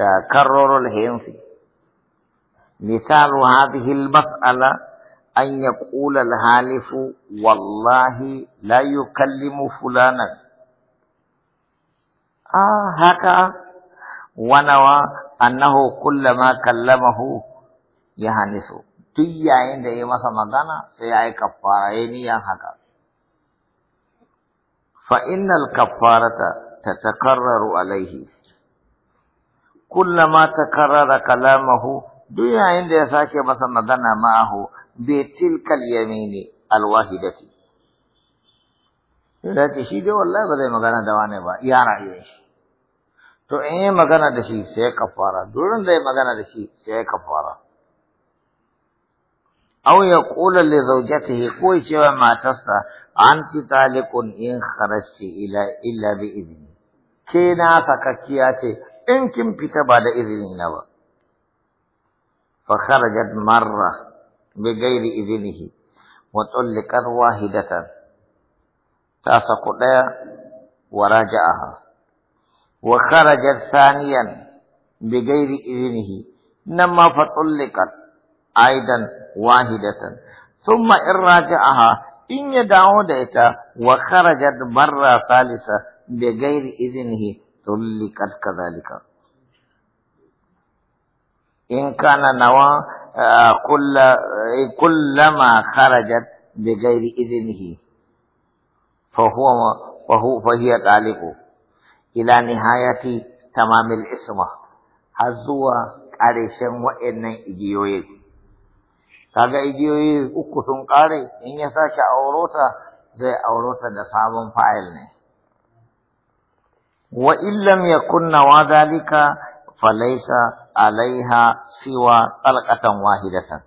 تكرر الهم الهنفي مثال هذه المسألة أن يقول الهالف والله لا يكلم فلانا آه هكا ونوى أنه كلما كلمه يهنسه تي عند أي مثلا دانا سيأي كفارة هكا فإن الكفارة تتكرر عليه kullama takarrara kalamahu duk yayin da ya sake masa magana ma'ahu bi tilkal yamini alwahidati sai ce shi dai wallahi ba zai magana da wani ba ya rayuwar shi to in yi magana da shi sai kafara durin da ya magana da shi sai kafara aw ya qula li zawjatihi ko cewa matarsa anti talikun in kharajti ila illa bi idni ke na sakakkiya ce ان انكم بيتا بعد اذنه نوا فخرجت مرة بغير اذنه وطلقت واحدة تاسقطا وراجعها وخرجت ثانيا بغير اذنه نما فطلقت ايضا واحدة ثم ان ان يدعو ديتا وخرجت مرة ثالثة بغير اذنه tulliqat kadhalika in kana nawa kullama kharajat bi ghairi idnihi fa huwa fa huwa fa hiya taliqu ila nihayati tamamil isma har zuwa ƙarshen igiyoyi. igiyoyin kaga igiyoyi uku sun ƙare in ya sake aurota zai aurota da sabon fayil ne wa illam yakun wa zalika falaisa alaiha siwa talqatan wahidatan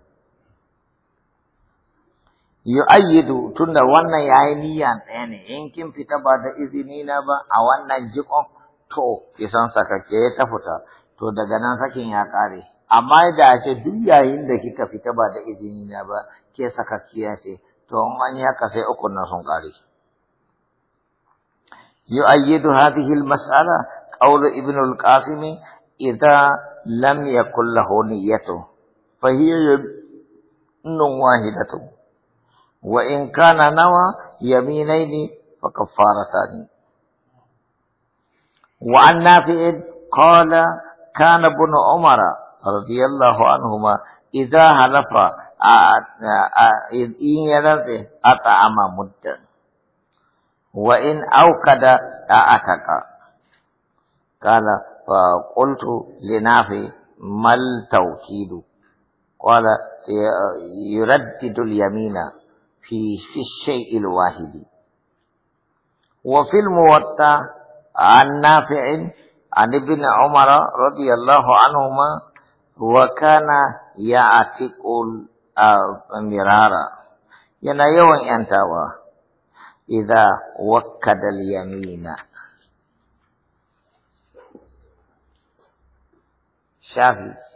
yu'ayyidu tunda wannan yayi niyya ɗaya ne in kin fita ba da izini na ba a wannan jikon to kisan sakake ya ta fita to daga nan sakin ya kare amma da ce duk yayin da kika fita ba da izini na ba ke sakakkiya ce to an yi haka sai ukun na sun kare يؤيد هذه المسألة قول ابن القاسم إذا لم يكن له نيته فهي يمن واحدة وإن كان نوى يمينين فكفارتان وعن نافع قال كان ابن عمر رضي الله عنهما إذا هلف آه، آه، آه، إن ينزه أطعم مدة وإن أوكد أعتق قال فقلت لنافي ما التوكيد قال يردد اليمين في في الشيء الواحد وفي الموطا عن نافع عن ابن عمر رضي الله عنهما وكان يعتق المرارة ينا يعني يوم أنتوا إذا وكد اليمين شافي